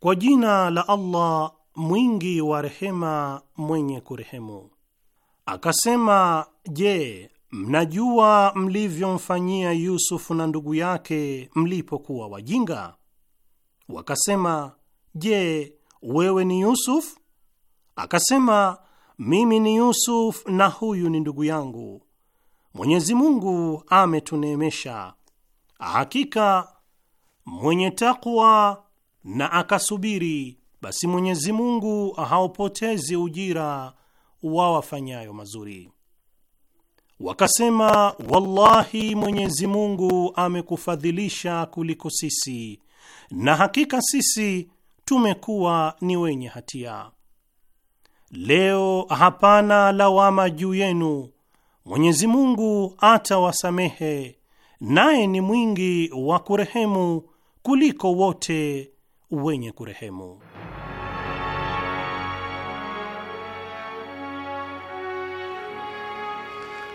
Kwa jina la Allah mwingi wa rehema mwenye kurehemu. Akasema, je, mnajua mlivyomfanyia Yusufu na ndugu yake mlipokuwa wajinga? Wakasema, je, wewe ni Yusuf? Akasema, mimi ni Yusuf na huyu ni ndugu yangu. Mwenyezi Mungu ametuneemesha. Hakika mwenye takwa na akasubiri, basi Mwenyezi Mungu haupotezi ujira wa wafanyayo mazuri. Wakasema, wallahi, Mwenyezi Mungu amekufadhilisha kuliko sisi, na hakika sisi tumekuwa ni wenye hatia. Leo hapana lawama juu yenu Mwenyezi Mungu atawasamehe, naye ni mwingi wa kurehemu kuliko wote wenye kurehemu.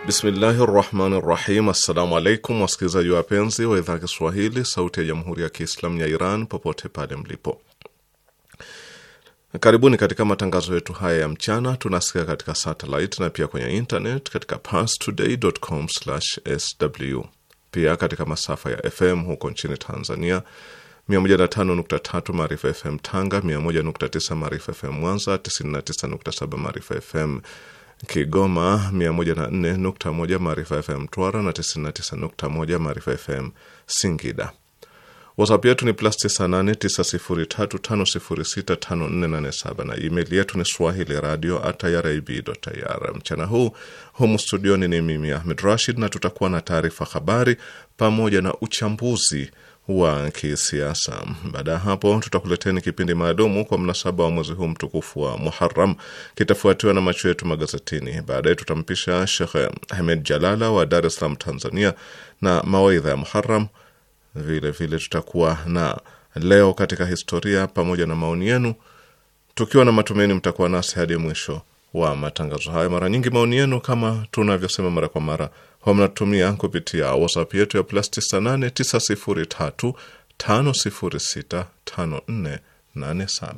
Bismillahi rahmani rahim. Assalamu alaikum wasikilizaji wapenzi wa idhaa Kiswahili, sauti ya jamhuri ya kiislamu ya Iran, popote pale mlipo. Karibuni katika matangazo yetu haya ya mchana. Tunasikia katika satellite na pia kwenye internet katika parstoday.com/sw, pia katika masafa ya FM huko nchini Tanzania 105.3 Maarifa FM Tanga, 101.9 Maarifa FM Mwanza, 99.7 Maarifa FM Kigoma, 104.1 Maarifa FM Twara na 99.1 Maarifa FM Singida. WhatsApp yetu ni plus 989035065487 na email yetu ni swahili radio at irib.ir. Mchana huu humu studioni ni mimi Ahmed Rashid, na tutakuwa na taarifa habari pamoja na uchambuzi wa kisiasa. Baada ya hapo, tutakuleteni kipindi maalumu kwa mnasaba wa mwezi huu mtukufu wa Muharram, kitafuatiwa na macho yetu magazetini. Baadaye tutampisha Shekh Ahmed Jalala wa Dar es Salaam, Tanzania, na mawaidha ya Muharram vile vile tutakuwa na leo katika historia pamoja na maoni yenu, tukiwa na matumaini mtakuwa nasi hadi mwisho wa matangazo hayo. Mara nyingi maoni yenu kama tunavyosema mara kwa mara huwa mnatumia kupitia WhatsApp yetu ya plus 98 903 5065487.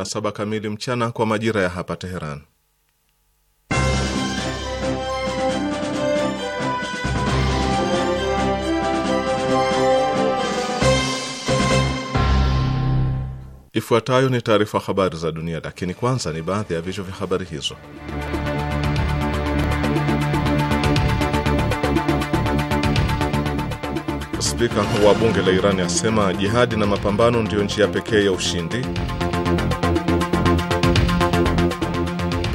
saa saba kamili mchana kwa majira ya hapa Teheran. Ifuatayo ni taarifa habari za dunia, lakini kwanza ni baadhi ya vichwa vya habari hizo. Spika wa bunge la Irani asema jihadi na mapambano ndiyo njia pekee ya ushindi.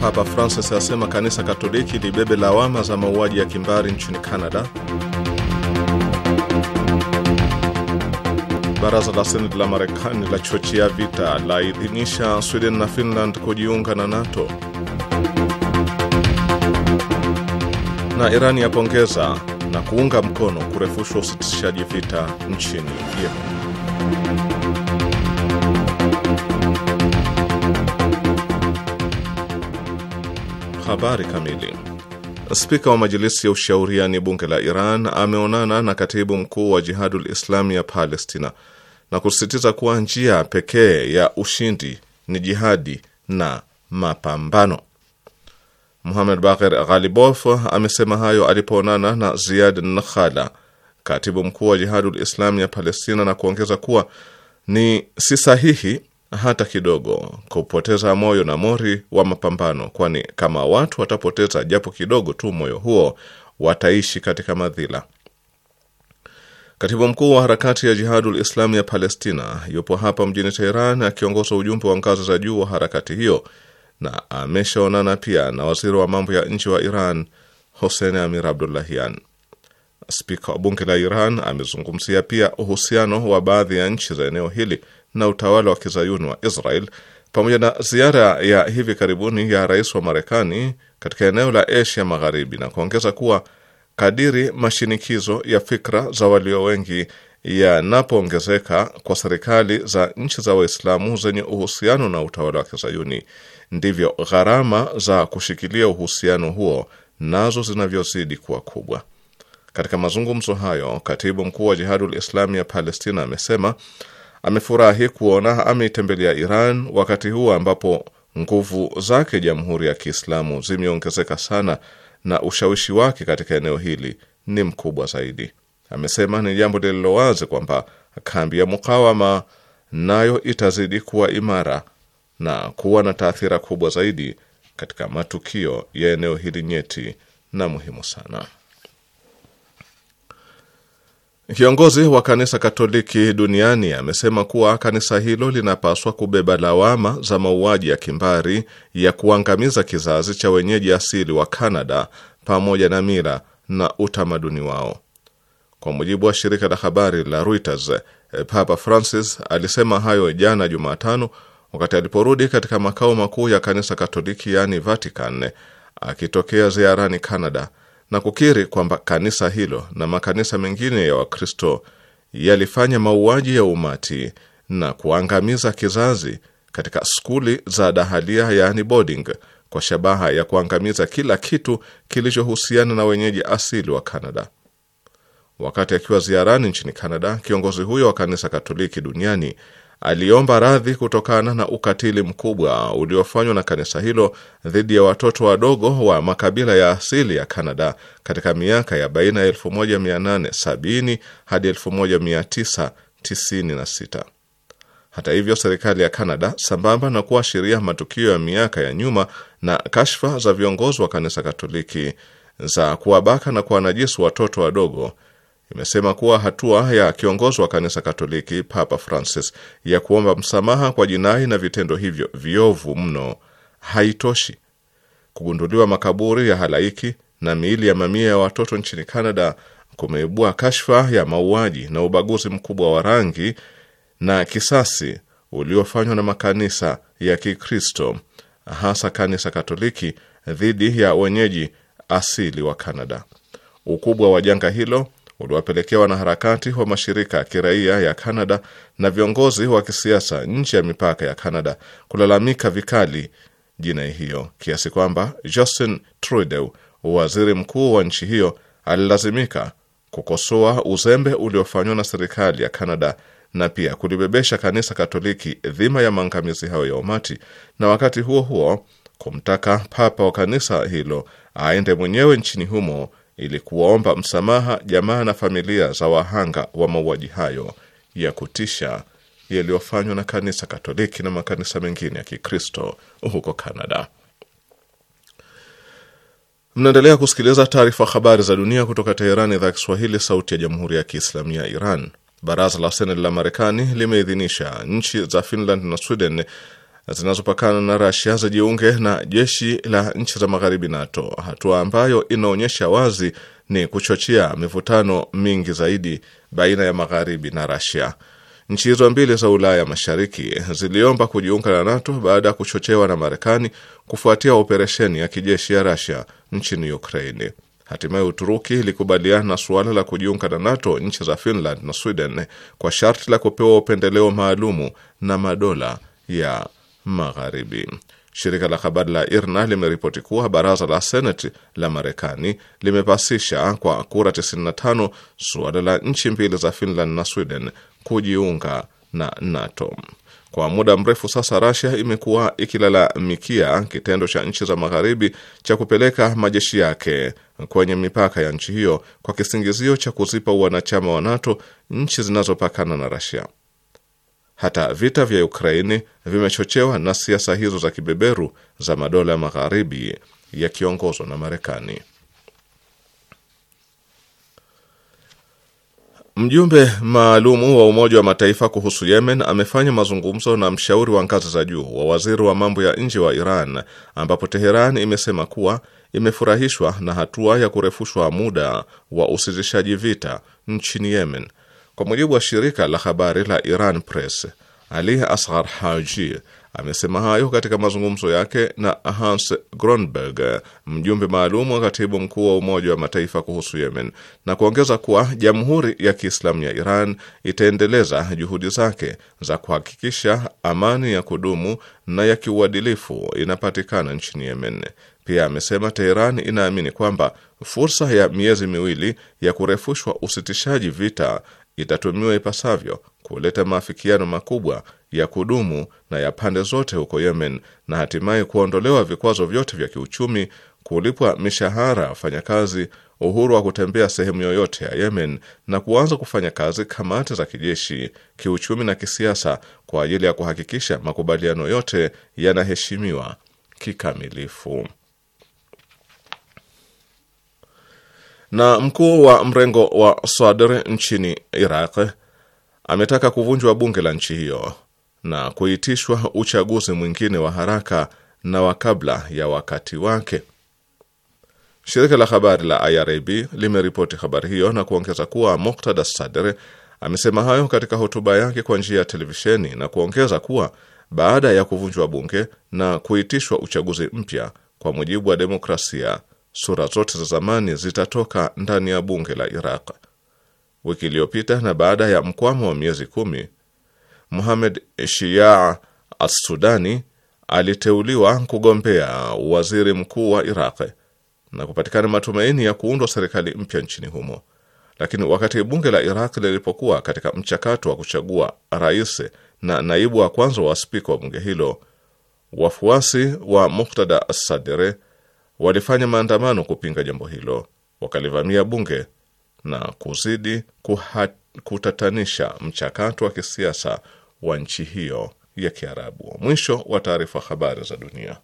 Papa Francis asema kanisa Katoliki libebe lawama za mauaji ya kimbari nchini Canada. Baraza la Seneti la Marekani la chochia vita la idhinisha Sweden na Finland kujiunga na NATO. Na Irani yapongeza na kuunga mkono kurefushwa usitishaji vita nchini Yemen. Habari kamili. Spika wa Majilisi ya Ushauriani, bunge la Iran, ameonana na katibu mkuu wa Jihadul Islami ya Palestina na kusisitiza kuwa njia pekee ya ushindi ni jihadi na mapambano. Muhamed Bakir Ghalibof amesema hayo alipoonana na Ziad Nkhala, katibu mkuu wa Jihadul Islami ya Palestina, na kuongeza kuwa ni si sahihi hata kidogo kupoteza moyo na mori wa mapambano, kwani kama watu watapoteza japo kidogo tu moyo huo, wataishi katika madhila. Katibu mkuu wa harakati ya Jihadul Islami ya Palestina yupo hapa mjini Teheran akiongoza ujumbe wa ngazi za juu wa harakati hiyo, na ameshaonana pia na waziri wa mambo ya nchi wa Iran Hossein Amir Abdullahian. Spika wa bunge la Iran amezungumzia pia uhusiano wa baadhi ya nchi za eneo hili na utawala wa kizayuni wa Israel pamoja na ziara ya hivi karibuni ya rais wa Marekani katika eneo la Asia Magharibi, na kuongeza kuwa kadiri mashinikizo ya fikra za walio wengi yanapoongezeka kwa serikali za nchi za Waislamu zenye uhusiano na utawala wa kizayuni, ndivyo gharama za kushikilia uhusiano huo nazo zinavyozidi kuwa kubwa. Katika mazungumzo hayo, katibu mkuu wa Jihadul Islami ya Palestina amesema amefurahi kuona ameitembelea Iran wakati huu ambapo nguvu zake Jamhuri ya Kiislamu zimeongezeka sana na ushawishi wake katika eneo hili ni mkubwa zaidi. Amesema ni jambo lililo wazi kwamba kambi ya mukawama nayo itazidi kuwa imara na kuwa na taathira kubwa zaidi katika matukio ya eneo hili nyeti na muhimu sana. Kiongozi wa kanisa Katoliki duniani amesema kuwa kanisa hilo linapaswa kubeba lawama za mauaji ya kimbari ya kuangamiza kizazi cha wenyeji asili wa Kanada pamoja na mila na utamaduni wao. Kwa mujibu wa shirika la habari la Reuters, eh, Papa Francis alisema hayo jana Jumatano wakati aliporudi katika makao makuu ya kanisa Katoliki yaani Vatican akitokea ziarani Canada na kukiri kwamba kanisa hilo na makanisa mengine ya Wakristo yalifanya mauaji ya umati na kuangamiza kizazi katika skuli za dahalia, yaani boarding, kwa shabaha ya kuangamiza kila kitu kilichohusiana na wenyeji asili wa canada Wakati akiwa ziarani nchini canada kiongozi huyo wa kanisa Katoliki duniani aliomba radhi kutokana na ukatili mkubwa uliofanywa na kanisa hilo dhidi ya watoto wadogo wa makabila ya asili ya Kanada katika miaka ya baina ya 1870 hadi 1996. Hata hivyo, serikali ya Kanada sambamba na kuashiria matukio ya miaka ya nyuma na kashfa za viongozi wa kanisa Katoliki za kuwabaka na kuwanajisi watoto wadogo imesema kuwa hatua ya kiongozi wa kanisa Katoliki Papa Francis ya kuomba msamaha kwa jinai na vitendo hivyo viovu mno haitoshi. Kugunduliwa makaburi ya halaiki na miili ya mamia ya watoto nchini Canada kumeibua kashfa ya mauaji na ubaguzi mkubwa wa rangi na kisasi uliofanywa na makanisa ya Kikristo hasa kanisa Katoliki dhidi ya wenyeji asili wa Canada. Ukubwa wa janga hilo uliwapelekea wanaharakati wa mashirika ya kiraia ya Kanada na viongozi wa kisiasa nje ya mipaka ya Kanada kulalamika vikali jinai hiyo kiasi kwamba Justin Trudeau, waziri mkuu wa nchi hiyo, alilazimika kukosoa uzembe uliofanywa na serikali ya Kanada na pia kulibebesha kanisa Katoliki dhima ya maangamizi hayo ya umati, na wakati huo huo kumtaka papa wa kanisa hilo aende mwenyewe nchini humo ili kuwaomba msamaha jamaa na familia za wahanga wa mauaji hayo ya kutisha yaliyofanywa na kanisa Katoliki na makanisa mengine ya Kikristo huko canada Mnaendelea kusikiliza taarifa habari za dunia kutoka Teherani, idhaa Kiswahili, sauti ya jamhuri ya kiislamu ya Iran. Baraza la Seneti la Marekani limeidhinisha nchi za Finland na Sweden zinazopakana na Rasia zijiunge na jeshi la nchi za magharibi NATO, hatua ambayo inaonyesha wazi ni kuchochea mivutano mingi zaidi baina ya magharibi na Rasia. Nchi hizo mbili za Ulaya Mashariki ziliomba kujiunga na NATO baada ya kuchochewa na Marekani kufuatia operesheni ya kijeshi ya Rasia nchini Ukraini. Hatimaye Uturuki ilikubaliana na suala la kujiunga na NATO nchi za Finland na Sweden kwa sharti la kupewa upendeleo maalumu na madola ya Magharibi. Shirika la habari la IRNA limeripoti kuwa baraza la seneti la Marekani limepasisha kwa kura 95 suala la nchi mbili za Finland na Sweden kujiunga na NATO. Kwa muda mrefu sasa, Russia imekuwa ikilalamikia kitendo cha nchi za magharibi cha kupeleka majeshi yake kwenye mipaka ya nchi hiyo kwa kisingizio cha kuzipa wanachama wa NATO nchi zinazopakana na Russia. Hata vita vya Ukraini vimechochewa na siasa hizo za kibeberu za madola ya magharibi yakiongozwa na Marekani. Mjumbe maalumu wa Umoja wa Mataifa kuhusu Yemen amefanya mazungumzo na mshauri wa ngazi za juu wa waziri wa mambo ya nje wa Iran, ambapo Teheran imesema kuwa imefurahishwa na hatua ya kurefushwa muda wa usitishaji vita nchini Yemen kwa mujibu wa shirika la habari la Iran Press, Ali Asghar Haji amesema hayo katika mazungumzo yake na Hans Gronberg, mjumbe maalum wa katibu mkuu wa Umoja wa Mataifa kuhusu Yemen, na kuongeza kuwa Jamhuri ya Kiislamu ya Iran itaendeleza juhudi zake za kuhakikisha amani ya kudumu na ya kiuadilifu inapatikana nchini Yemen. Pia amesema Teheran inaamini kwamba fursa ya miezi miwili ya kurefushwa usitishaji vita itatumiwa ipasavyo kuleta maafikiano makubwa ya kudumu na ya pande zote huko Yemen na hatimaye kuondolewa vikwazo vyote vya kiuchumi, kulipwa mishahara wafanyakazi, uhuru wa kutembea sehemu yoyote ya Yemen na kuanza kufanya kazi kamati za kijeshi, kiuchumi na kisiasa kwa ajili ya kuhakikisha makubaliano yote yanaheshimiwa kikamilifu. na mkuu wa mrengo wa Sadr nchini Iraq ametaka kuvunjwa bunge la nchi hiyo na kuitishwa uchaguzi mwingine wa haraka na wa kabla ya wakati wake. Shirika la habari la IRIB limeripoti habari hiyo na kuongeza kuwa Muqtada Sadr amesema hayo katika hotuba yake kwa njia ya televisheni na kuongeza kuwa baada ya kuvunjwa bunge na kuitishwa uchaguzi mpya kwa mujibu wa demokrasia sura zote za zamani zitatoka ndani ya bunge la Iraq. Wiki iliyopita na baada ya mkwamo wa miezi kumi, Muhamed Shia Assudani aliteuliwa kugombea waziri mkuu wa Iraq na kupatikana matumaini ya kuundwa serikali mpya nchini humo. Lakini wakati bunge la Iraq lilipokuwa katika mchakato wa kuchagua rais na naibu wa kwanza wa spika wa bunge hilo, wafuasi wa Muktada Sadere walifanya maandamano kupinga jambo hilo, wakalivamia bunge na kuzidi kutatanisha mchakato wa kisiasa wa nchi hiyo ya Kiarabu. Mwisho wa taarifa. Habari za dunia.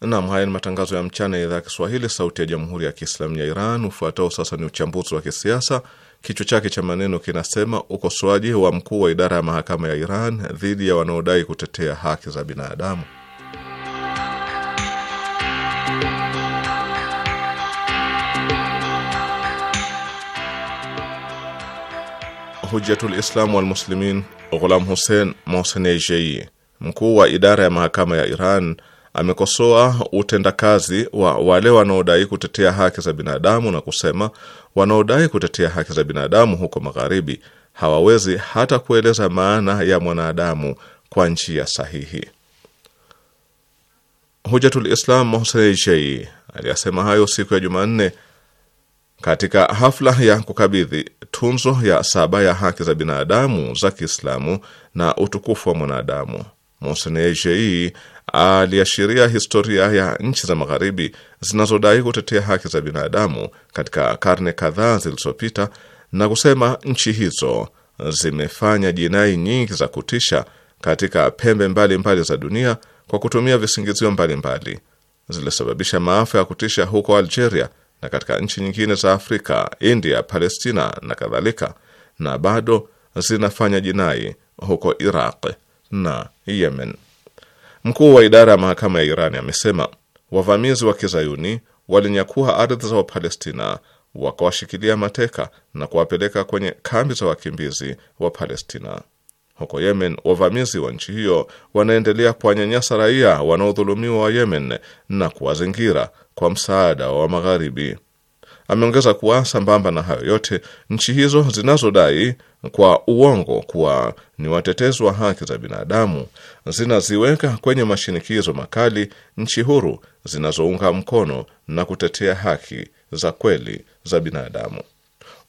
Nam, haya ni matangazo ya mchana ya idhaa ya Kiswahili, sauti ya jamhuri ya kiislamu ya Iran. Ufuatao sasa ni uchambuzi wa kisiasa, kichwa chake cha maneno kinasema ukosoaji wa mkuu wa idara ya mahakama ya Iran dhidi ya wanaodai kutetea haki za binadamu. Hujatul Islam wal Muslimin Ghulam Hussein Mohsen Ejei, mkuu wa idara ya mahakama ya Iran amekosoa utendakazi wa wale wanaodai kutetea haki za binadamu na kusema wanaodai kutetea haki za binadamu huko magharibi hawawezi hata kueleza maana ya mwanadamu kwa njia sahihi. Hujatul Islam Mohsen aliyasema hayo siku ya Jumanne katika hafla ya kukabidhi tunzo ya saba ya haki za binadamu za Kiislamu na utukufu wa mwanadamu. Monsnejei aliashiria historia ya nchi za magharibi zinazodai kutetea haki za binadamu katika karne kadhaa zilizopita na kusema nchi hizo zimefanya jinai nyingi za kutisha katika pembe mbalimbali mbali za dunia kwa kutumia visingizio mbalimbali. Zilisababisha maafa ya kutisha huko Algeria na katika nchi nyingine za Afrika, India, Palestina na kadhalika, na bado zinafanya jinai huko Iraq na Yemen. Mkuu wa idara ya mahakama ya Iran amesema wavamizi wa kizayuni walinyakua ardhi za Wapalestina, wakawashikilia mateka na kuwapeleka kwenye kambi za wakimbizi wa Palestina. Huko Yemen, wavamizi wa nchi hiyo wanaendelea kuwanyanyasa raia wanaodhulumiwa wa Yemen na kuwazingira kwa msaada wa Magharibi. Ameongeza kuwa sambamba na hayo yote, nchi hizo zinazodai kwa uongo kuwa ni watetezi wa haki za binadamu zinaziweka kwenye mashinikizo makali nchi huru zinazounga mkono na kutetea haki za kweli za binadamu.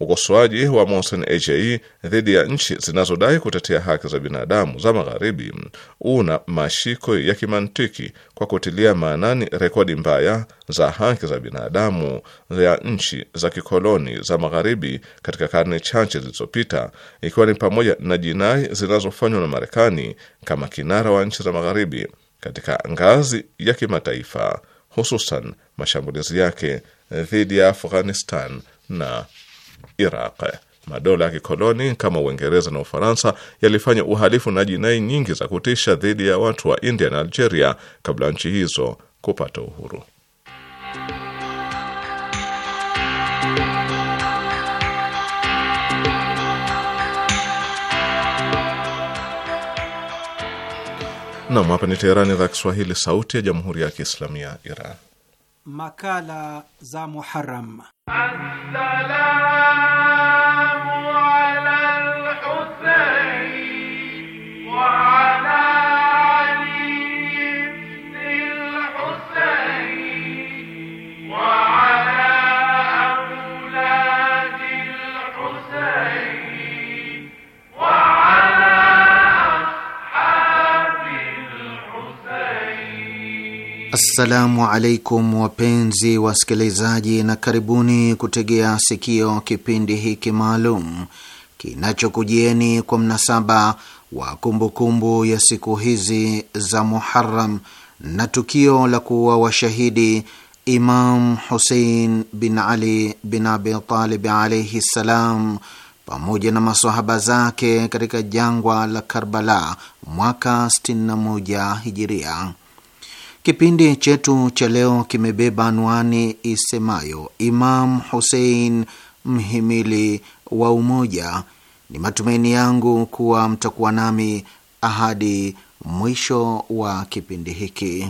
Ukosoaji wa Mohsen Ejei dhidi ya nchi zinazodai kutetea haki za binadamu za Magharibi una mashiko ya kimantiki kwa kutilia maanani rekodi mbaya za haki za binadamu za nchi za kikoloni za Magharibi katika karne chache zilizopita, ikiwa ni pamoja na jinai zinazofanywa na Marekani kama kinara wa nchi za Magharibi katika ngazi ya kimataifa, hususan mashambulizi yake dhidi ya Afghanistan na Iraq. Madola ya kikoloni kama Uingereza na Ufaransa yalifanya uhalifu na jinai nyingi za kutisha dhidi ya watu wa India na Algeria kabla nchi hizo kupata uhuru. Nam, hapa ni Teherani, idhaa Kiswahili, sauti ya jamhuri ya kiislamu ya Iran. Makala za Muharram. Assalamu ala al-Husayn wa Assalamu alaikum wapenzi wasikilizaji, na karibuni kutegea sikio kipindi hiki maalum kinachokujieni kwa mnasaba wa kumbukumbu ya siku hizi za Muharram na tukio la kuwa washahidi Imam Husein bin Ali bin Abi Talib alaihi ssalam pamoja na masahaba zake katika jangwa la Karbala mwaka 61 hijiria. Kipindi chetu cha leo kimebeba anwani isemayo Imam Husein, mhimili wa umoja. Ni matumaini yangu kuwa mtakuwa nami ahadi mwisho wa kipindi hiki.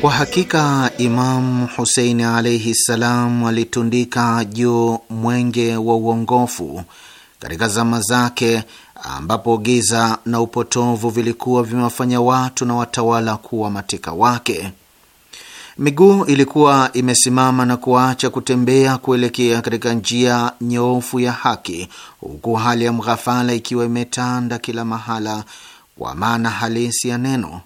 Kwa hakika Imamu Huseini alaihi ssalam alitundika juu mwenge wa uongofu katika zama zake, ambapo giza na upotovu vilikuwa vimewafanya watu na watawala kuwa mateka wake. Miguu ilikuwa imesimama na kuacha kutembea kuelekea katika njia nyoofu ya haki, huku hali ya mghafala ikiwa imetanda kila mahala wa maana halisi ya neno.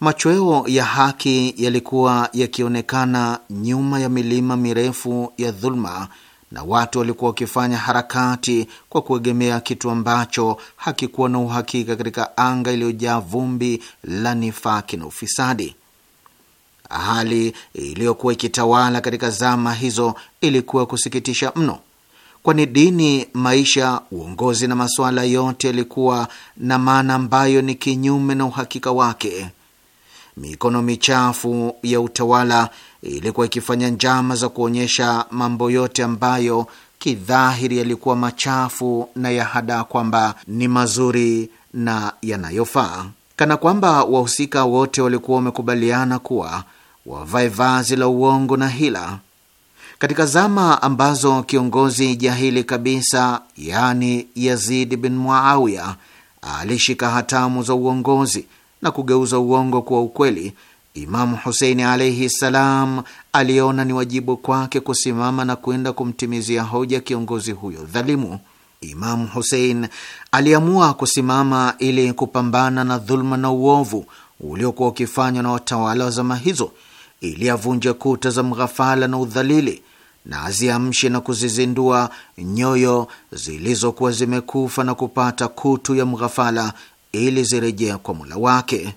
Machweo ya haki yalikuwa yakionekana nyuma ya milima mirefu ya dhuluma, na watu walikuwa wakifanya harakati kwa kuegemea kitu ambacho hakikuwa na uhakika katika anga iliyojaa vumbi la nifaki na ufisadi. Hali iliyokuwa ikitawala katika zama hizo ilikuwa kusikitisha mno kwani dini, maisha, uongozi na masuala yote yalikuwa na maana ambayo ni kinyume na uhakika wake. Mikono michafu ya utawala ilikuwa ikifanya njama za kuonyesha mambo yote ambayo kidhahiri yalikuwa machafu na ya hada kwamba ni mazuri na yanayofaa, kana kwamba wahusika wote walikuwa wamekubaliana kuwa wavae vazi la uongo na hila. Katika zama ambazo kiongozi jahili kabisa, yani Yazid bin Muawiya, alishika hatamu za uongozi na kugeuza uongo kuwa ukweli, Imamu Huseini alaihi ssalam aliona ni wajibu kwake kusimama na kwenda kumtimizia hoja kiongozi huyo dhalimu. Imamu Husein aliamua kusimama ili kupambana na dhuluma na uovu uliokuwa ukifanywa na watawala wa zama hizo ili avunje kuta za mghafala na udhalili na aziamshe na kuzizindua nyoyo zilizokuwa zimekufa na kupata kutu ya mghafala ili zirejea kwa mula wake.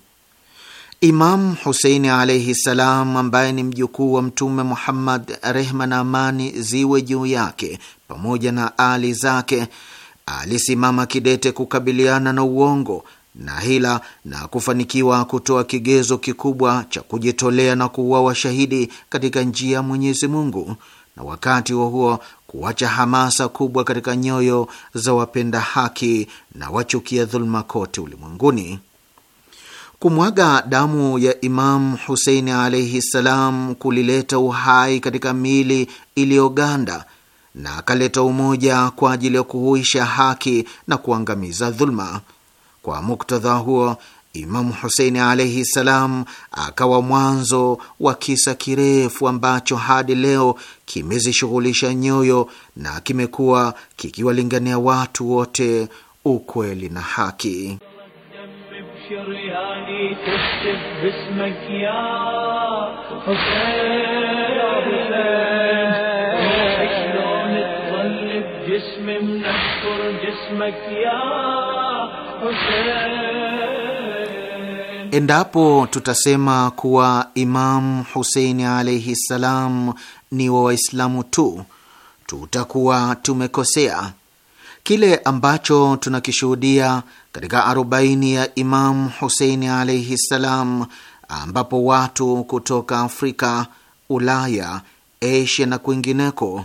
Imamu Huseini alaihi ssalam ambaye ni mjukuu wa Mtume Muhammad, rehma na amani ziwe juu yake, pamoja na ali zake, alisimama kidete kukabiliana na uongo na hila na kufanikiwa kutoa kigezo kikubwa cha kujitolea na kuua washahidi katika njia ya Mwenyezi Mungu, na wakati wa huo kuacha hamasa kubwa katika nyoyo za wapenda haki na wachukia dhuluma kote ulimwenguni. Kumwaga damu ya Imamu Huseini alaihi ssalam kulileta uhai katika mili iliyoganda na akaleta umoja kwa ajili ya kuhuisha haki na kuangamiza dhuluma. Kwa muktadha huo, Imamu Huseini alaihi ssalam akawa mwanzo wa kisa kirefu ambacho hadi leo kimezishughulisha nyoyo na kimekuwa kikiwalingania watu wote ukweli na haki. Endapo tutasema kuwa imam Huseini alaihi ssalam ni wa Waislamu tu, tutakuwa tumekosea. Kile ambacho tunakishuhudia katika arobaini ya Imamu Huseini alaihi ssalam, ambapo watu kutoka Afrika, Ulaya, Asia na kwingineko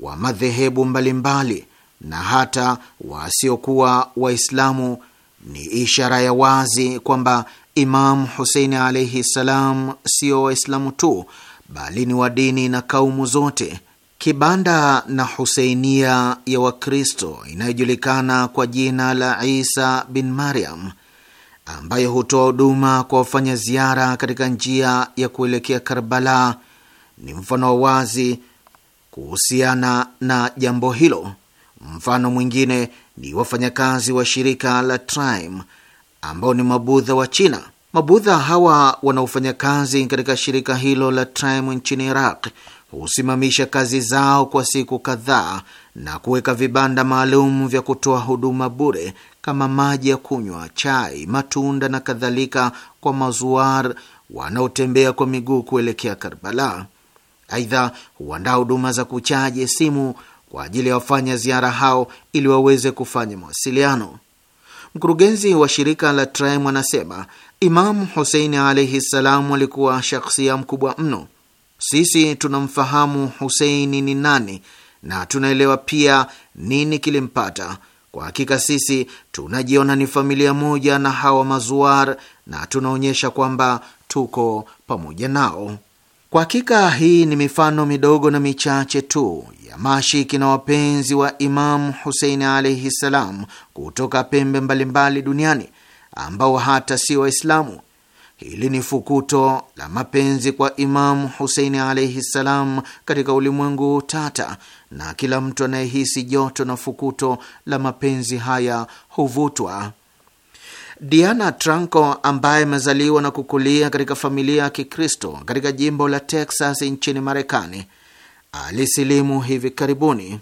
wa madhehebu mbalimbali na hata wasiokuwa Waislamu ni ishara ya wazi kwamba Imamu Huseini alaihi ssalam sio Waislamu tu bali ni wa dini na kaumu zote. Kibanda na huseinia ya Wakristo inayojulikana kwa jina la Isa bin Mariam, ambayo hutoa huduma kwa wafanya ziara katika njia ya kuelekea Karbala, ni mfano wa wazi kuhusiana na jambo hilo. Mfano mwingine ni wafanyakazi wa shirika la Time ambao ni mabudha wa China. Mabudha hawa wanaofanya kazi katika shirika hilo la Time nchini Iraq husimamisha kazi zao kwa siku kadhaa na kuweka vibanda maalum vya kutoa huduma bure kama maji ya kunywa, chai, matunda na kadhalika kwa mazuar wanaotembea kwa miguu kuelekea Karbala. Aidha, huandaa huduma za kuchaji simu kwa ajili ya wafanya ziara hao ili waweze kufanya mawasiliano. Mkurugenzi wa shirika la trim anasema Imamu Huseini alaihi ssalam alikuwa shakhsia mkubwa mno. Sisi tunamfahamu Huseini ni nani na tunaelewa pia nini kilimpata. Kwa hakika sisi tunajiona ni familia moja na hawa mazuar na tunaonyesha kwamba tuko pamoja nao. Kwa hakika hii ni mifano midogo na michache tu ya mashiki na wapenzi wa Imamu Huseini alaihi ssalam kutoka pembe mbalimbali duniani ambao hata si Waislamu. Hili ni fukuto la mapenzi kwa Imamu Huseini alaihi ssalam katika ulimwengu tata, na kila mtu anayehisi joto na fukuto la mapenzi haya huvutwa Diana Tranko ambaye amezaliwa na kukulia katika familia ya Kikristo katika jimbo la Texas nchini Marekani alisilimu hivi karibuni.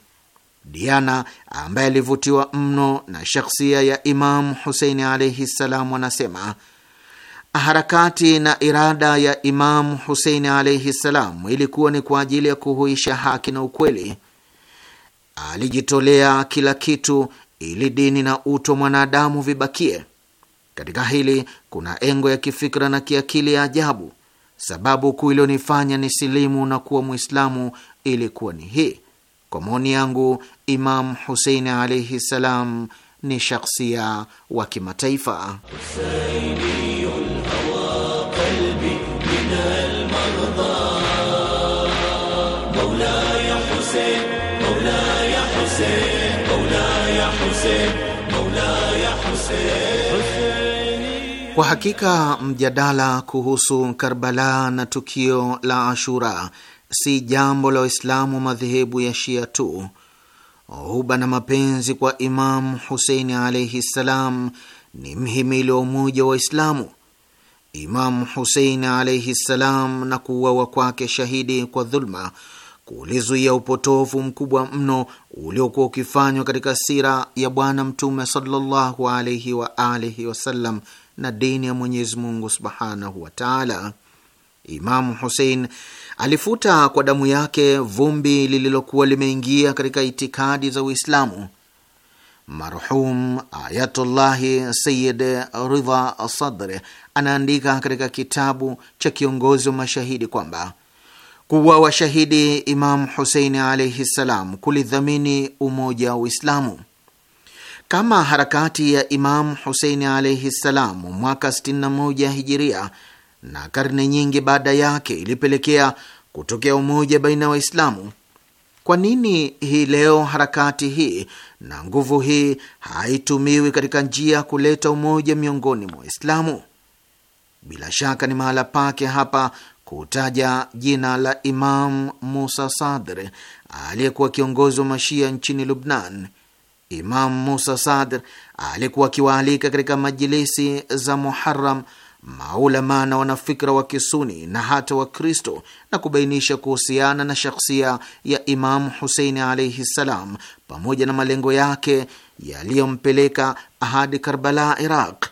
Diana ambaye alivutiwa mno na shakhsia ya Imamu Huseini alaihi ssalamu anasema harakati na irada ya Imamu Huseini alaihi ssalam ilikuwa ni kwa ajili ya kuhuisha haki na ukweli. Alijitolea kila kitu ili dini na utu wa mwanadamu vibakie. Katika hili kuna engo ya kifikra na kiakili ya ajabu. Sababu kuu iliyonifanya ni silimu na kuwa Mwislamu ilikuwa ni hii. Kwa maoni yangu, Imam Huseini alaihi salam ni shakhsia wa kimataifa. Husein, Husein, Husein. Kwa hakika mjadala kuhusu Karbala na tukio la Ashura si jambo la Waislamu madhehebu ya Shia tu. Huba na mapenzi kwa Imamu Huseini alaihi ssalam ni mhimili wa umoja wa Waislamu. Imamu Huseini alaihi ssalam na kuuawa kwake shahidi kwa dhuluma kulizuia upotofu mkubwa mno uliokuwa ukifanywa katika sira ya Bwana Mtume sallallahu alaihi waalihi wasallam na dini ya Mwenyezi Mungu subhanahu wa taala. Imamu Husein alifuta kwa damu yake vumbi lililokuwa limeingia katika itikadi za Uislamu. Marhum Ayatullahi Sayid Ridha Sadri anaandika katika kitabu cha Kiongozi wa Mashahidi kwamba kuwa washahidi Imamu Huseini alaihi ssalam kulidhamini umoja wa Uislamu. Kama harakati ya Imamu Huseini alaihi ssalamu mwaka 61 hijiria na karne nyingi baada yake ilipelekea kutokea umoja baina ya Waislamu, kwa nini hii leo harakati hii na nguvu hii haitumiwi katika njia ya kuleta umoja miongoni mwa Waislamu? Bila shaka ni mahala pake hapa kutaja jina la Imam Musa Sadr aliyekuwa kiongozi wa Mashia nchini Lubnan imam Musa Sadr alikuwa akiwaalika katika majilisi za Muharam maulama na wanafikra wa Kisuni na hata Wakristo na kubainisha kuhusiana na shakhsia ya Imamu Huseini alaihi ssalam, pamoja na malengo yake yaliyompeleka hadi Karbala, Iraq.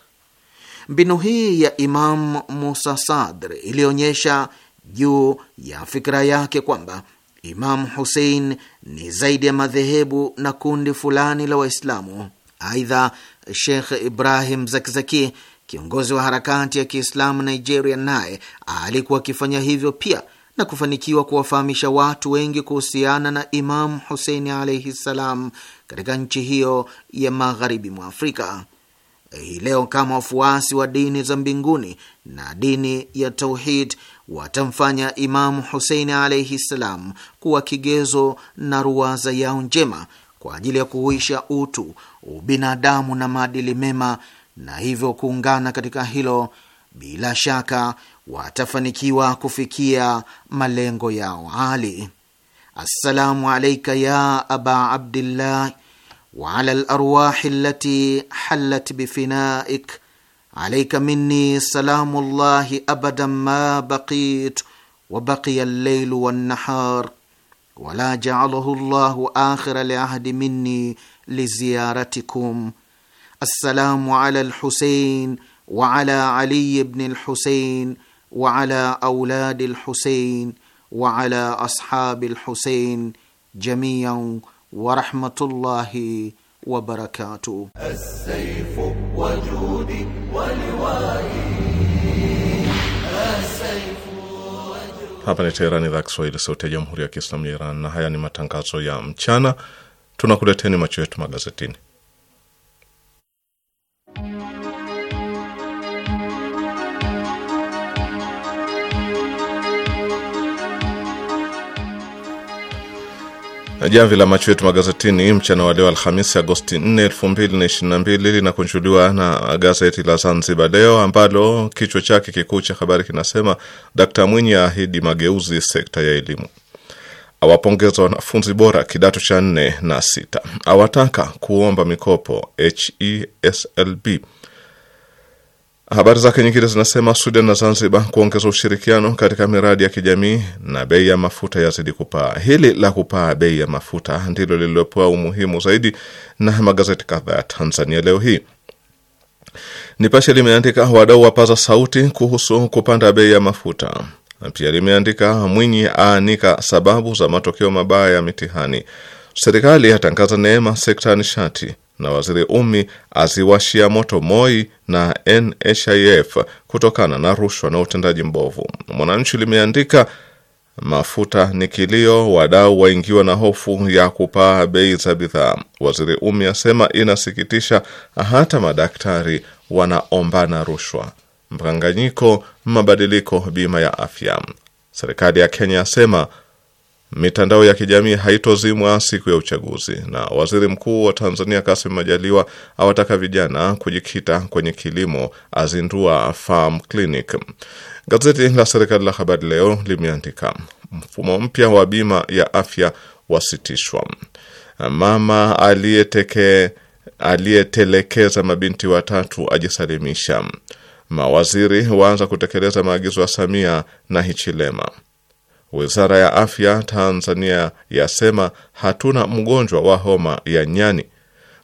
Mbinu hii ya imam Musa Sadr ilionyesha juu ya fikra yake kwamba Imamu Husein ni zaidi ya madhehebu na kundi fulani la Waislamu. Aidha, shekh Ibrahim Zakzaki, kiongozi wa harakati ya Kiislamu Nigeria, naye alikuwa akifanya hivyo pia na kufanikiwa kuwafahamisha watu wengi kuhusiana na Imamu Huseini alaihi ssalam katika nchi hiyo ya magharibi mwa Afrika. Hii leo kama wafuasi wa dini za mbinguni na dini ya tauhid watamfanya Imamu Huseini alaihi ssalam kuwa kigezo na ruwaza yao njema kwa ajili ya kuhuisha utu, ubinadamu na maadili mema, na hivyo kuungana katika hilo, bila shaka watafanikiwa kufikia malengo yao ali. Assalamu alaika ya aba abdillah waala larwahi lati halat bifinaik عليك مني سلام الله أبدا ما بقيت وبقي الليل والنحار ولا جعله الله آخر لعهد مني لزيارتكم السلام على الحسين وعلى علي بن الحسين وعلى أولاد الحسين وعلى أصحاب الحسين جميعا ورحمة الله wabarakatuh. Hapa ni Teherani, idhaa Kiswahili, sauti ya jamhuri ya kiislamu ya Iran, na haya ni matangazo ya mchana. Tunakuleteni macho yetu magazetini. Jamvi la macho yetu magazetini mchana wa leo Alhamisi, Agosti 4, 2022 linakunjuliwa na gazeti la Zanzibar Leo ambalo kichwa chake kikuu cha habari kinasema Dkt Mwinyi aahidi mageuzi sekta ya elimu, awapongeza wanafunzi bora kidato cha 4 na 6, awataka kuomba mikopo HESLB, Habari zake nyingine zinasema Sudan na Zanzibar kuongeza ushirikiano katika miradi ya kijamii na bei ya mafuta yazidi kupaa. Hili la kupaa bei ya mafuta ndilo lililopewa umuhimu zaidi na magazeti kadhaa ya Tanzania leo hii. Nipashe limeandika wadau wapaza sauti kuhusu kupanda bei ya mafuta. Pia limeandika Mwinyi aanika sababu za matokeo mabaya ya mitihani. Serikali yatangaza neema sekta ya nishati na Waziri Umi aziwashia moto MOI na NHIF kutokana na rushwa na utendaji mbovu. Mwananchi limeandika mafuta ni kilio, wadau waingiwa na hofu ya kupaa bei za bidhaa. Waziri Umi asema inasikitisha, hata madaktari wanaombana rushwa. Mkanganyiko mabadiliko bima ya afya. Serikali ya Kenya asema mitandao ya kijamii haitozimwa siku ya uchaguzi, na waziri mkuu wa Tanzania Kassim Majaliwa awataka vijana kujikita kwenye kilimo, azindua farm clinic. Gazeti la serikali la Habari Leo limeandika mfumo mpya wa bima ya afya wasitishwa. Mama aliyeteke aliyetelekeza mabinti watatu ajisalimisha. Mawaziri waanza kutekeleza maagizo ya Samia na Hichilema. Wizara ya afya Tanzania yasema hatuna mgonjwa wa homa ya nyani.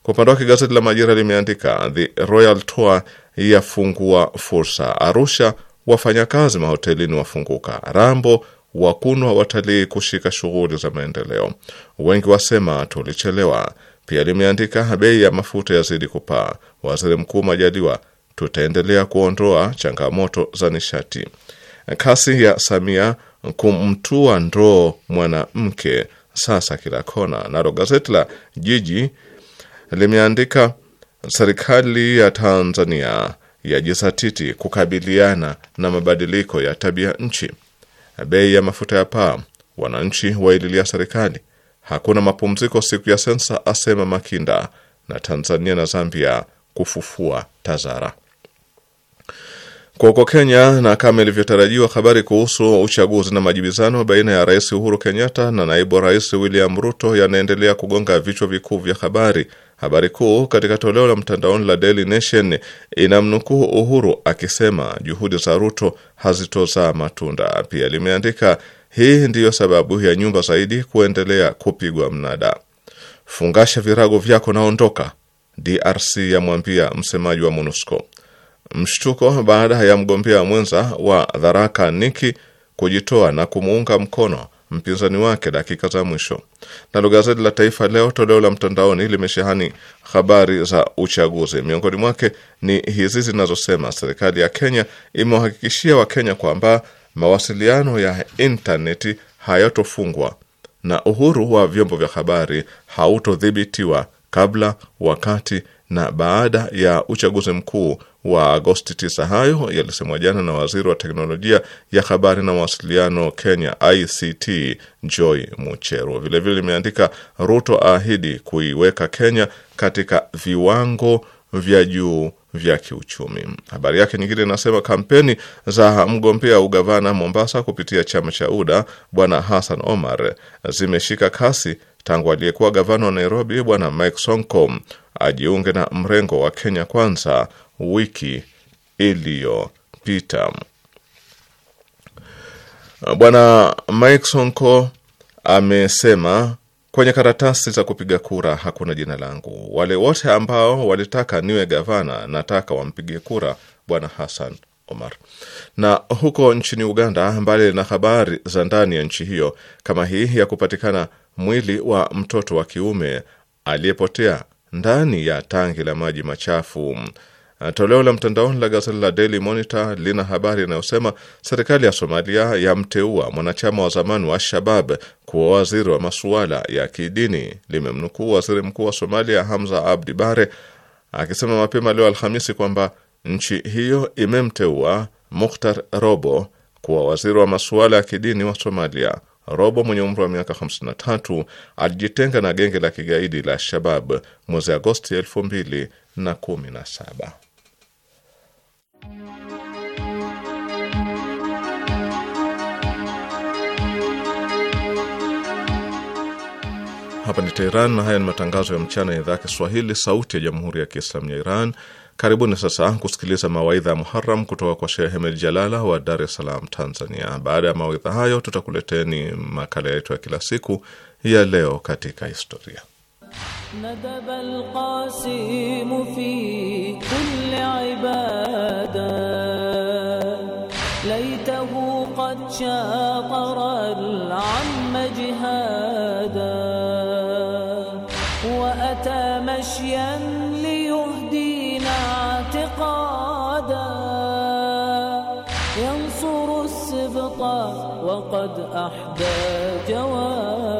Kwa upande wake gazeti la Majira limeandika The Royal Tour yafungua fursa Arusha, wafanyakazi mahotelini wafunguka, rambo wakunwa watalii kushika shughuli za maendeleo, wengi wasema tulichelewa. Pia limeandika bei ya mafuta yazidi kupaa, waziri mkuu Majaliwa, tutaendelea kuondoa changamoto za nishati. Kasi ya Samia kumtua ndoo mwanamke sasa kila kona. Nalo gazeti la Jiji limeandika serikali ya Tanzania yajizatiti kukabiliana na mabadiliko ya tabia nchi. Bei ya mafuta ya paa, wananchi waililia serikali. Hakuna mapumziko siku ya sensa, asema Makinda. Na Tanzania na Zambia kufufua Tazara. Kwa huko Kenya, na kama ilivyotarajiwa, habari kuhusu uchaguzi na majibizano baina ya Rais Uhuru Kenyatta na naibu rais William Ruto yanaendelea kugonga vichwa vikuu vya habari. Habari kuu katika toleo la mtandaoni la Daily Nation inamnukuu Uhuru akisema juhudi za Ruto hazitozaa matunda. Pia limeandika hii ndiyo sababu ya nyumba zaidi kuendelea kupigwa mnada. Fungasha virago vyako, naondoka, DRC yamwambia msemaji wa MONUSCO mshtuko baada ya mgombea mwenza wa Dharaka Niki kujitoa na kumuunga mkono mpinzani wake dakika za mwisho. Nalo gazeti la Taifa Leo toleo la mtandaoni limeshehani habari za uchaguzi, miongoni mwake ni hizi zinazosema serikali ya Kenya imewahakikishia Wakenya kwamba mawasiliano ya intaneti hayatofungwa na uhuru wa vyombo vya habari hautodhibitiwa kabla, wakati na baada ya uchaguzi mkuu wa Agosti 9. Hayo yalisemwa jana na waziri wa teknolojia ya habari na mawasiliano Kenya ICT Joy Mucheru. Vilevile limeandika Ruto ahidi kuiweka Kenya katika viwango vya juu vya kiuchumi. Habari yake nyingine inasema kampeni za mgombea ugavana Mombasa kupitia chama cha UDA Bwana Hassan Omar zimeshika kasi tangu aliyekuwa gavana wa Nairobi Bwana Mike Sonko ajiunge na mrengo wa Kenya Kwanza wiki iliyopita. Bwana Mike Sonko amesema kwenye karatasi za kupiga kura hakuna jina langu. Wale wote ambao walitaka niwe gavana, nataka wampige kura Bwana Hassan Omar. Na huko nchini Uganda, mbali na habari za ndani ya nchi hiyo kama hii ya kupatikana mwili wa mtoto wa kiume aliyepotea ndani ya tangi la maji machafu Uh, toleo la mtandaoni la gazeti la Daily Monitor lina habari inayosema serikali ya Somalia yamteua mwanachama wa zamani wa Al-Shabab kuwa waziri wa masuala ya kidini. Limemnukuu waziri mkuu wa Somalia Hamza Abdi Bare akisema mapema leo Alhamisi kwamba nchi hiyo imemteua Mukhtar Robo kuwa waziri wa masuala ya kidini wa Somalia. Robo mwenye umri wa miaka 53 alijitenga na genge la kigaidi la shabab mwezi Agosti 2017. Hapa ni Teheran na haya ni matangazo ya mchana ya idhaa ya Kiswahili, sauti ya jamhuri ya kiislamu ya Iran. Karibuni sasa kusikiliza mawaidha ya muharam kutoka kwa Shehe hemed Jalala wa Dar es Salaam, Tanzania. Baada ya mawaidha hayo, tutakuleteni makala yetu ya kila siku ya leo katika historia. عبادا ليته قد شاطر العم جهادا وأتى مشيا ليهدينا اعتقادا ينصر السبط وقد أحدى جوادا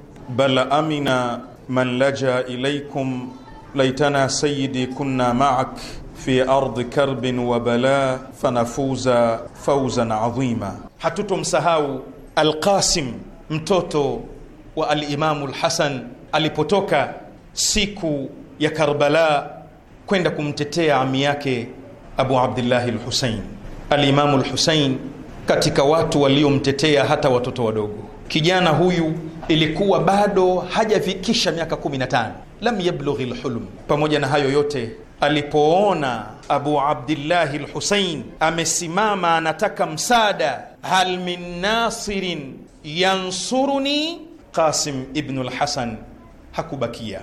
bal amina man laja ilaykum laitana sayyidi kunna ma'ak fi ardi karbin wa bala fanafuza fawzan adhima. Hatutomsahau Alqasim mtoto wa Alimamu Lhasan alipotoka siku ya Karbala kwenda kumtetea ami yake Abu Abdillahi Lhusain. Alimamu Lhusain katika watu waliomtetea hata watoto wadogo. Kijana huyu ilikuwa bado hajafikisha miaka 15, lam yablughi lhulm. Pamoja na hayo yote, alipoona Abu Abdillahi Lhusain amesimama anataka msaada, hal min nasirin yansuruni, Qasim ibnu Lhasan hakubakia.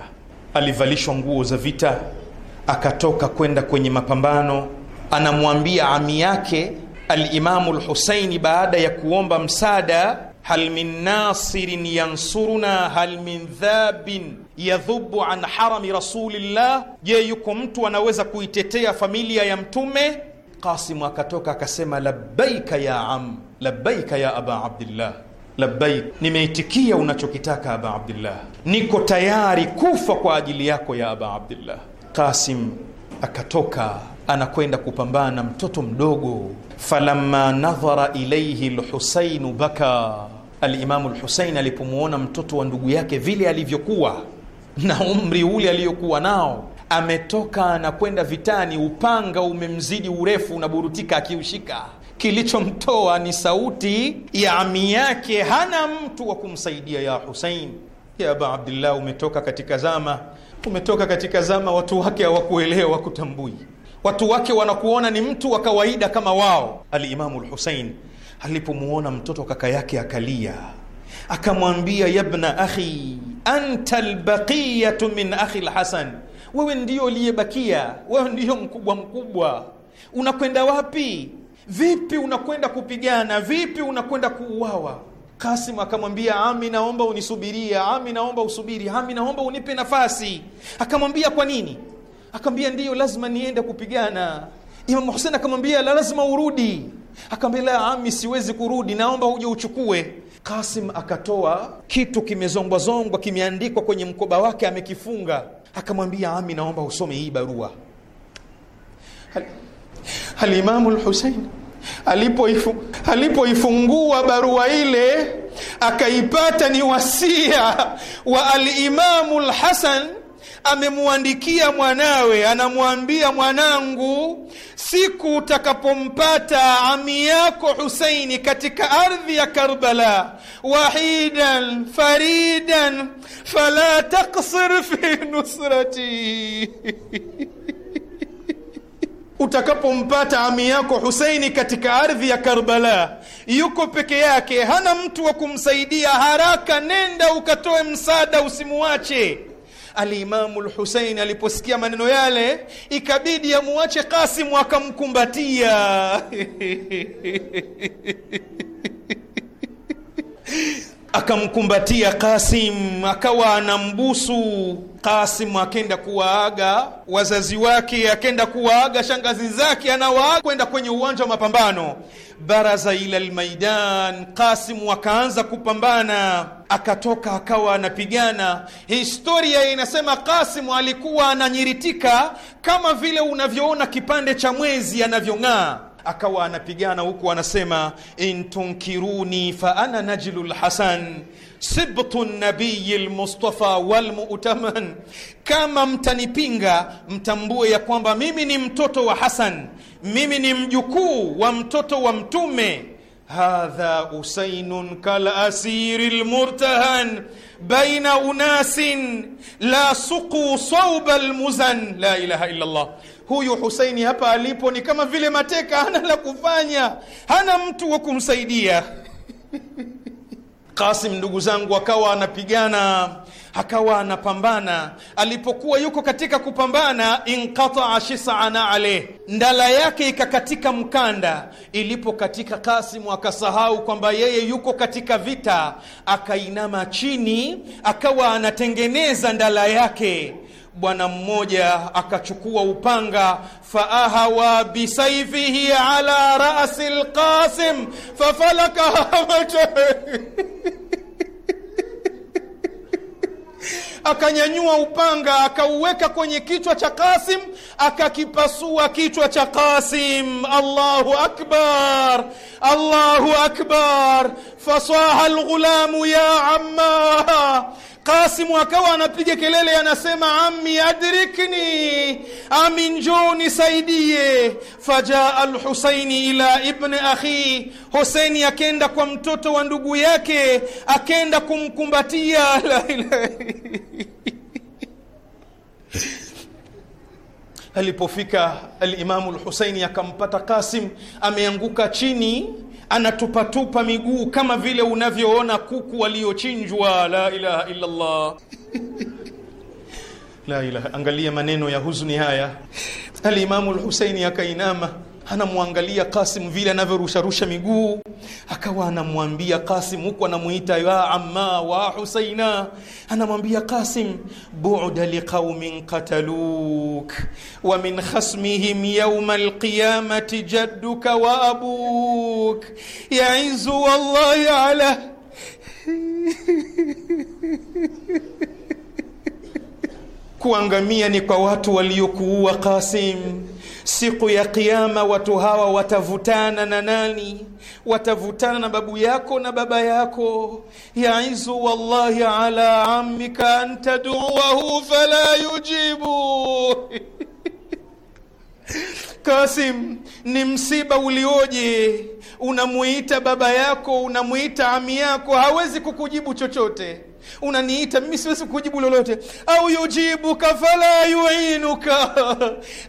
Alivalishwa nguo za vita, akatoka kwenda kwenye mapambano. Anamwambia ami yake Alimamu Lhusaini baada ya kuomba msaada hal min nasirin yansuruna hal min dhabin yadhubu an harami rasulillah, je, yuko mtu anaweza kuitetea familia ya Mtume? Qasim akatoka akasema, labbaika ya am, labbaika ya aba abdillah Labbaik, nimeitikia unachokitaka aba Abdillah, niko tayari kufa kwa ajili yako ya aba Abdillah. Qasim akatoka anakwenda kupambana na mtoto mdogo. falamma nadhara ilayhi lhusainu bakaa Alimamu Lhusein alipomwona mtoto wa ndugu yake vile alivyokuwa na umri ule aliyokuwa nao, ametoka na kwenda vitani, upanga umemzidi urefu, unaburutika akiushika. Kilichomtoa ni sauti ya ami yake, hana mtu wa kumsaidia. Ya Husein, ya aba Abdillah, umetoka katika zama, umetoka katika zama watu wake hawakuelewa, wakutambui. Watu wake wanakuona ni mtu wa kawaida kama wao. Alimamu Lhusein alipomwona mtoto kaka yake akalia, akamwambia yabna akhi anta lbaqiyatu min akhi lhasan, wewe ndio uliyebakia, wewe ndiyo mkubwa mkubwa. Unakwenda wapi? Vipi unakwenda kupigana? Vipi unakwenda kuuawa? Kasim akamwambia ami, naomba unisubiria. Ami, naomba usubiri. Ami, naomba unipe nafasi. Akamwambia kwa nini? Akamwambia ndiyo, lazima niende kupigana. Imamu Husein akamwambia la, lazima urudi. Akaambia, la ami, siwezi kurudi, naomba uje uchukue. Kasim akatoa kitu kimezongwazongwa, kimeandikwa kwenye mkoba wake, amekifunga. Akamwambia ami, naomba usome hii barua. Alimamu Lhusein alipoifungua barua ile, akaipata ni wasia wa Alimamu Lhasan amemwandikia mwanawe, anamwambia mwanangu, siku utakapompata ami yako Husaini katika ardhi ya Karbala, wahidan faridan, fala taksir fi nusrati Utakapompata ami yako Husaini katika ardhi ya Karbala, yuko peke yake, hana mtu wa kumsaidia, haraka nenda ukatoe msaada, usimuache. Alimamu Lhusein aliposikia maneno yale, ikabidi amuache Kasimu akamkumbatia akamkumbatia Kasim, akawa anambusu Kasim. Akenda kuwaaga wazazi wake, akenda kuwaaga shangazi zake, anawaaga kwenda kwenye uwanja wa mapambano, baraza ila lmaidan. Kasim akaanza kupambana, akatoka akawa anapigana. Historia inasema Kasim alikuwa ananyiritika kama vile unavyoona kipande cha mwezi anavyong'aa akawa anapigana huku anasema, intunkiruni fa ana najlu lhasan sibtu nabiyi lmustafa walmutaman, kama mtanipinga mtambue ya kwamba mimi ni mtoto wa Hasan, mimi ni mjukuu wa mtoto wa Mtume. hadha usainun kalasiri lmurtahan baina unasin la suquu sauba lmuzan. La ilaha illa Allah huyu Husaini hapa alipo ni kama vile mateka, hana la kufanya, hana mtu wa kumsaidia Kasim, ndugu zangu, akawa anapigana akawa anapambana. Alipokuwa yuko katika kupambana, inqataa shisana aleh, ndala yake ikakatika mkanda. Ilipokatika, Kasimu akasahau kwamba yeye yuko katika vita, akainama chini, akawa anatengeneza ndala yake bwana mmoja akachukua upanga, faahawa bisaifihi ala rasi lqasim fafalaka hamata akanyanyua upanga akauweka kwenye kichwa cha kasim akakipasua kichwa cha Qasim. Allahu akbar, Allahu akbar! fasaha alghulamu ya amma Kasimu akawa anapiga kelele, anasema ammi adrikni, ami njoo nisaidie. Fajaa alhusaini ila ibni akhi, Huseini akenda kwa mtoto wa ndugu yake, akenda kumkumbatia. la ilaha alipofika alimamu lhusaini akampata Kasim ameanguka chini anatupatupa miguu kama vile unavyoona kuku waliochinjwa. La ilaha illa Allah. La ilaha. Angalia maneno ya huzuni haya. Alimamu Lhuseini akainama anamwangalia Kasim vile anavyorusharusha miguu, akawa anamwambia Kasim, huku anamuita ya amma wa Husaina, anamwambia Kasim, bu'da liqaumin qataluk wa min khasmihim yawma alqiyamati jadduka wa abuk yaizu wallahi ala kuangamia ni kwa watu waliokuua Kasim Siku ya Kiyama watu hawa watavutana na nani? Watavutana na babu yako na baba yako. Yaizu wallahi ala amika an taduahu fala yujibu Kasim, ni msiba ulioje! Unamuita baba yako, unamuita ami yako, hawezi kukujibu chochote unaniita mimi siwezi kujibu lolote au yujibuka fala yuinuka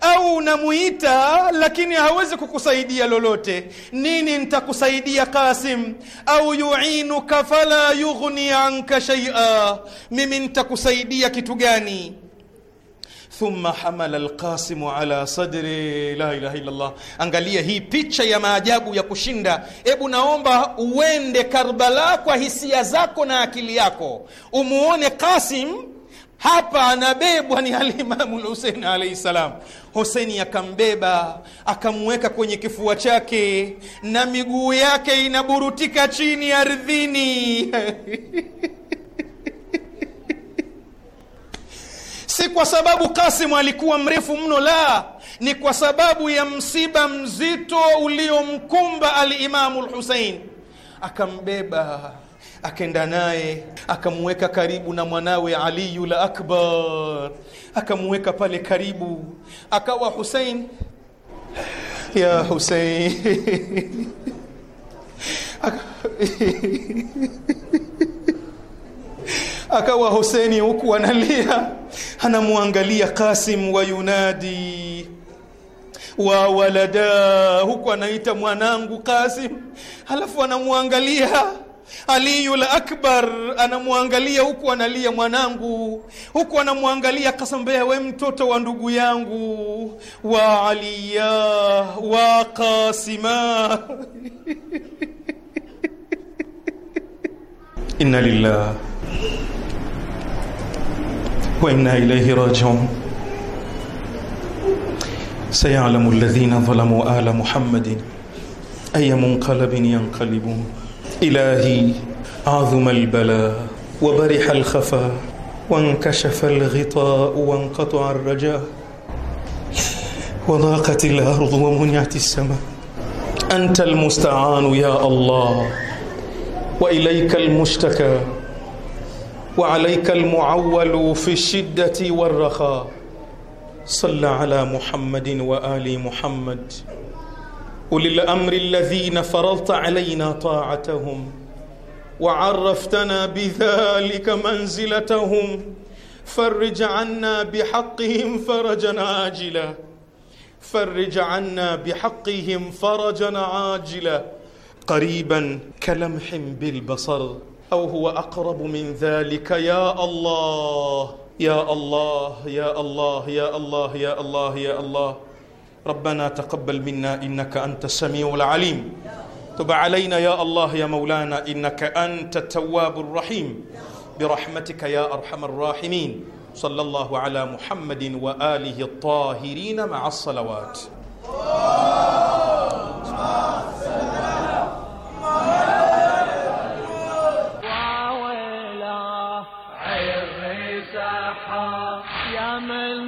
au unamuita lakini hawezi kukusaidia lolote nini nitakusaidia Kasim au yuinuka fala yughni anka shaia mimi nitakusaidia kitu gani thumma hamala alqasimu ala sadri la ilaha illa Allah. Angalia hii picha ya maajabu ya kushinda. Ebu naomba uende Karbala kwa hisia zako na akili yako, umuone Qasim hapa anabebwa ni alimamu Lhusein alaihi salam. Huseni akambeba akamweka kwenye kifua chake na miguu yake inaburutika chini ardhini kwa sababu Kasimu alikuwa mrefu mno, la ni kwa sababu ya msiba mzito uliomkumba alimamu Lhusein. Akambeba, akenda naye, akamweka karibu na mwanawe aliyu l Akbar, akamweka pale karibu, akawa Husein ya Husein akawa Huseni huku analia anamwangalia Kasim wa yunadi wa walada huku anaita mwanangu Kasim halafu anamwangalia Aliyul Akbar anamwangalia huku analia mwanangu, huku anamwangalia Kasambea, we mtoto wa ndugu yangu wa Aliya wa qasima inna lillah وإنا إليه راجعون سيعلم الذين ظلموا آل محمد أي منقلب ينقلبون إلهي عظم البلاء وبرح الخفاء وانكشف الغطاء وانقطع الرجاء وضاقت الأرض ومنعت السماء أنت المستعان يا الله وإليك المشتكى وعليك المعول في الشدة والرخاء صل على محمد وآل محمد أولي الأمر الذين فرضت علينا طاعتهم وعرفتنا بذلك منزلتهم فرج عنا بحقهم فرجا عاجلا فرج عنا بحقهم فرجا عاجلا قريبا كلمح بالبصر أو هو أقرب من ذلك يا الله يا الله يا الله يا الله يا الله يا الله ربنا تقبل منا إنك أنت السميع العليم تب علينا يا الله يا مولانا إنك أنت التواب الرحيم برحمتك يا أرحم الراحمين صلى الله على محمد وآله الطاهرين مع الصلوات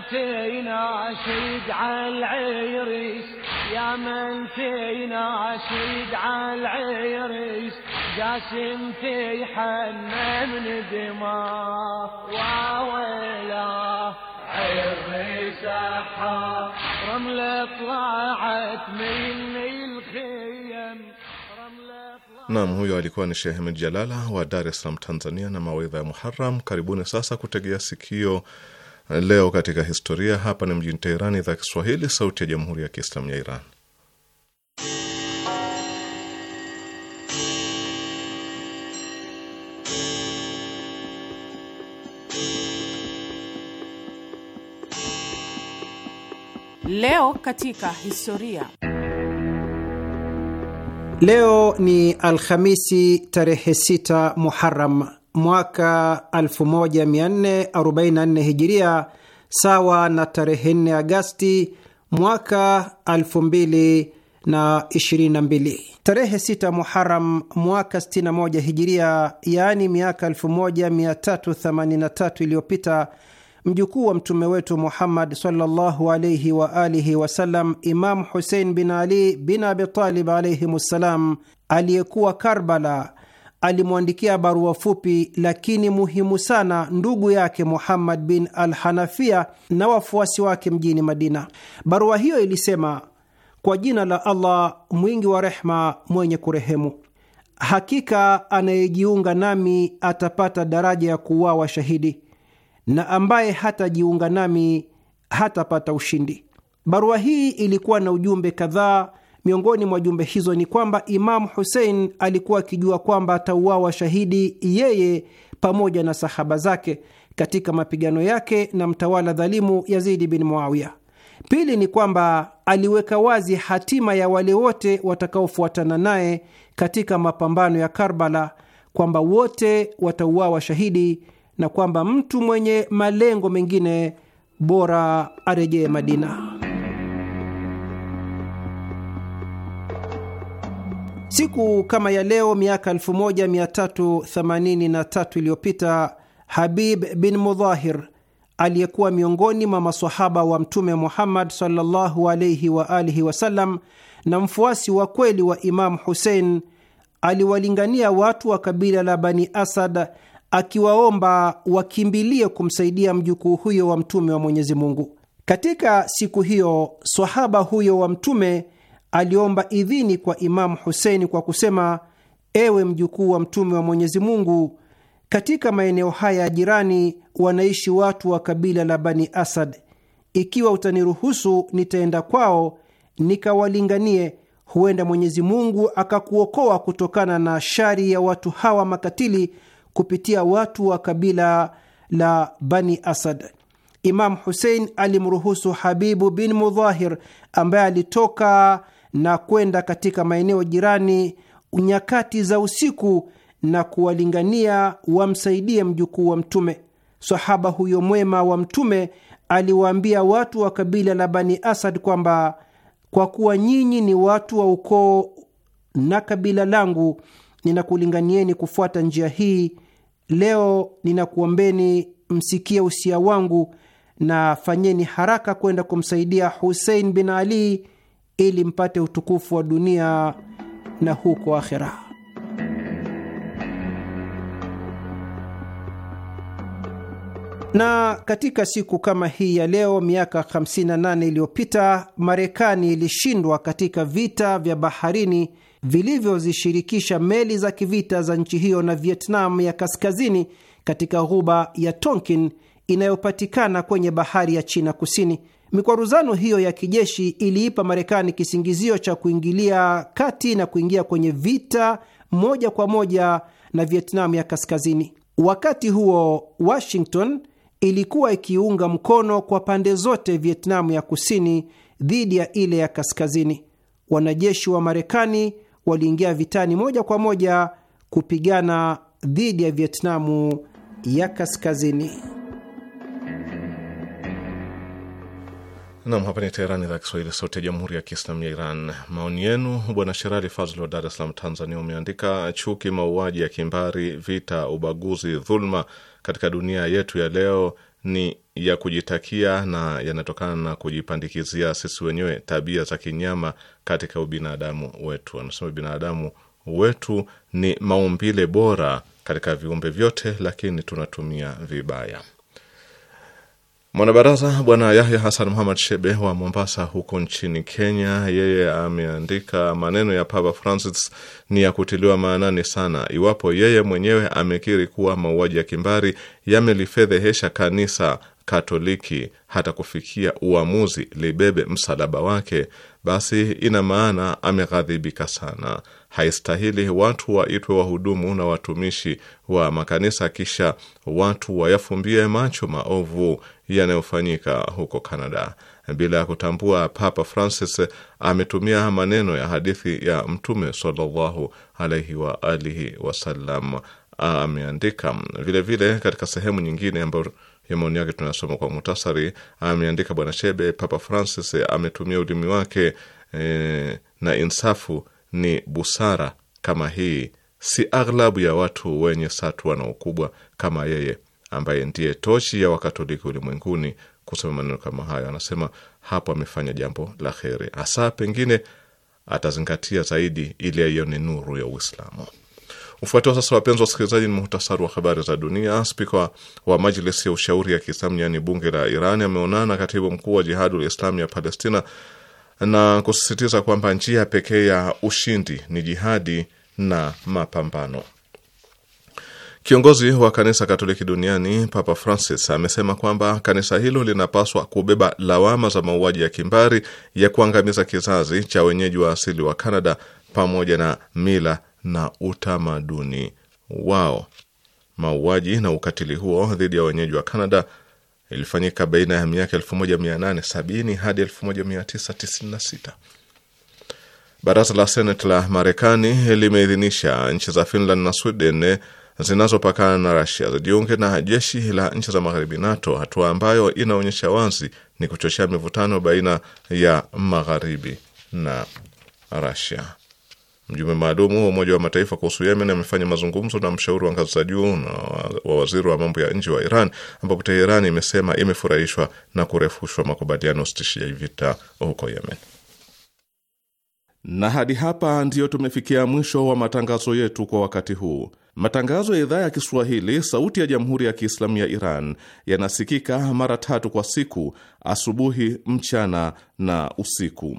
من فينا شيد عالعيريس يا من فينا شيد عالعيريس جاسم في حمام دماء وويلا عيريس أحا رملة طلعت مني الخيم Nam, huyo alikuwa ni shehemi Jalala wa Dar es Salaam, Tanzania, na mawaidha ya muharam Karibuni sasa kutegea sikio Leo katika historia hapa ni mjini Teherani, idhaa Kiswahili, sauti ya jamhuri ya kiislamu ya Iran. Leo katika historia. Leo ni Alhamisi tarehe 6 muharam mwaka 1444 hijiria sawa na tarehe 4 Agasti mwaka 2022. Tarehe 6 Muharam mwaka 61 hijiria, yaani miaka 1383 iliyopita, mjukuu wa mtume wetu Muhammad sallallahu alaihi wa alihi wasallam, Imam Husein bin Ali bin Abitalib alaihim ssalam, aliyekuwa Karbala alimwandikia barua fupi lakini muhimu sana ndugu yake Muhammad bin al Hanafia na wafuasi wake mjini Madina. Barua hiyo ilisema: kwa jina la Allah mwingi wa rehma, mwenye kurehemu, hakika anayejiunga nami atapata daraja ya kuuawa shahidi, na ambaye hatajiunga nami hatapata ushindi. Barua hii ilikuwa na ujumbe kadhaa Miongoni mwa jumbe hizo ni kwamba Imamu Husein alikuwa akijua kwamba atauawa shahidi yeye pamoja na sahaba zake katika mapigano yake na mtawala dhalimu Yazidi bin Muawiya. Pili ni kwamba aliweka wazi hatima ya wale wote watakaofuatana naye katika mapambano ya Karbala, kwamba wote watauawa shahidi na kwamba mtu mwenye malengo mengine bora arejee Madina. Siku kama ya leo miaka 1383 iliyopita Habib bin Mudhahir aliyekuwa miongoni mwa masahaba wa Mtume Muhammad sallallahu alaihi wa alihi wasallam na mfuasi wa kweli wa Imamu Husein aliwalingania watu wa kabila la Bani Asad akiwaomba wakimbilie kumsaidia mjukuu huyo wa Mtume wa Mwenyezi Mungu. Katika siku hiyo, sahaba huyo wa Mtume aliomba idhini kwa Imamu Huseini kwa kusema, ewe mjukuu wa Mtume wa Mwenyezi Mungu, katika maeneo haya ya jirani wanaishi watu wa kabila la Bani Asad. Ikiwa utaniruhusu, nitaenda kwao nikawalinganie, huenda Mwenyezi Mungu akakuokoa kutokana na shari ya watu hawa makatili kupitia watu wa kabila la Bani Asad. Imamu Husein alimruhusu Habibu bin Mudhahir ambaye alitoka na kwenda katika maeneo jirani nyakati za usiku na kuwalingania wamsaidie mjukuu wa Mtume. Sahaba huyo mwema wa Mtume aliwaambia watu wa kabila la Bani Asad kwamba kwa kuwa nyinyi ni watu wa ukoo na kabila langu, ninakulinganieni kufuata njia hii. Leo ninakuombeni msikie usia wangu na fanyeni haraka kwenda kumsaidia Husein bin Ali ili mpate utukufu wa dunia na huko akhera. Na katika siku kama hii ya leo miaka 58 iliyopita, Marekani ilishindwa katika vita vya baharini vilivyozishirikisha meli za kivita za nchi hiyo na Vietnam ya kaskazini katika ghuba ya Tonkin inayopatikana kwenye bahari ya China Kusini. Mikwaruzano hiyo ya kijeshi iliipa Marekani kisingizio cha kuingilia kati na kuingia kwenye vita moja kwa moja na Vietnam ya Kaskazini. Wakati huo Washington ilikuwa ikiunga mkono kwa pande zote Vietnam ya Kusini dhidi ya ile ya Kaskazini. Wanajeshi wa Marekani waliingia vitani moja kwa moja kupigana dhidi ya Vietnamu ya Kaskazini. Nam, hapa ni Teherani, idhaa Kiswahili, sauti ya jamhuri ya kiislamu ya Iran. Maoni yenu. Bwana Sherali Fazl wa Dar es Salaam, Tanzania, umeandika chuki, mauaji ya kimbari, vita, ubaguzi, dhuluma katika dunia yetu ya leo ni ya kujitakia na yanatokana na kujipandikizia sisi wenyewe tabia za kinyama katika ubinadamu wetu. Anasema binadamu wetu ni maumbile bora katika viumbe vyote, lakini tunatumia vibaya. Mwanabaraza Bwana Yahya Hassan Muhammad Shebe wa Mombasa huko nchini Kenya, yeye ameandika maneno ya Papa Francis ni ya kutiliwa maanani sana, iwapo yeye mwenyewe amekiri kuwa mauaji ya kimbari yamelifedhehesha kanisa Katoliki hata kufikia uamuzi libebe msalaba wake, basi ina maana ameghadhibika sana haistahili watu waitwe wahudumu na watumishi wa makanisa kisha watu wayafumbie macho maovu yanayofanyika huko canada Bila ya kutambua, Papa Francis ametumia maneno ya hadithi ya Mtume sallallahu alaihi wa alihi wasallam, ameandika vilevile. Katika sehemu nyingine ambayo ya maoni yake tunasoma kwa muhtasari, ameandika Bwana Shebe, Papa Francis ametumia ulimi wake e, na insafu ni busara kama hii si aghlabu ya watu wenye satwa na ukubwa kama yeye ambaye ndiye tochi ya Wakatoliki ulimwenguni kusema maneno kama hayo. Anasema hapo amefanya jambo la kheri, hasa pengine atazingatia zaidi ili aione nuru ya Uislamu. Ufuatao sasa, wapenzi wasikilizaji, ni muhtasari wa habari za dunia. Spika wa Majlisi ya Ushauri ya Kiislamu, yaani bunge la Iran, ameonana katibu mkuu wa Jihadul Islami ya Palestina na kusisitiza kwamba njia pekee ya ushindi ni jihadi na mapambano. Kiongozi wa kanisa Katoliki duniani Papa Francis amesema kwamba kanisa hilo linapaswa kubeba lawama za mauaji ya kimbari ya kuangamiza kizazi cha wenyeji wa asili wa Kanada pamoja na mila na utamaduni wao. Mauaji na ukatili huo dhidi ya wenyeji wa Kanada ilifanyika baina ya miaka 1870 hadi 1996. Baraza la Seneti la Marekani limeidhinisha nchi za Finland na Sweden zinazopakana na Rasia zijiunge na jeshi la nchi za magharibi NATO, hatua ambayo inaonyesha wazi ni kuchochea mivutano baina ya magharibi na Rasia. Mjumbe maalumu wa Umoja wa Mataifa kuhusu Yemen amefanya mazungumzo na mshauri wa ngazi za juu na wa waziri wa mambo ya nje wa Iran, ambapo Teherani imesema imefurahishwa na kurefushwa makubaliano usitishaji vita huko Yemen. Na hadi hapa ndiyo tumefikia mwisho wa matangazo yetu kwa wakati huu. Matangazo ya idhaa ya Kiswahili, sauti ya jamhuri ya kiislamu ya Iran yanasikika mara tatu kwa siku: asubuhi, mchana na usiku.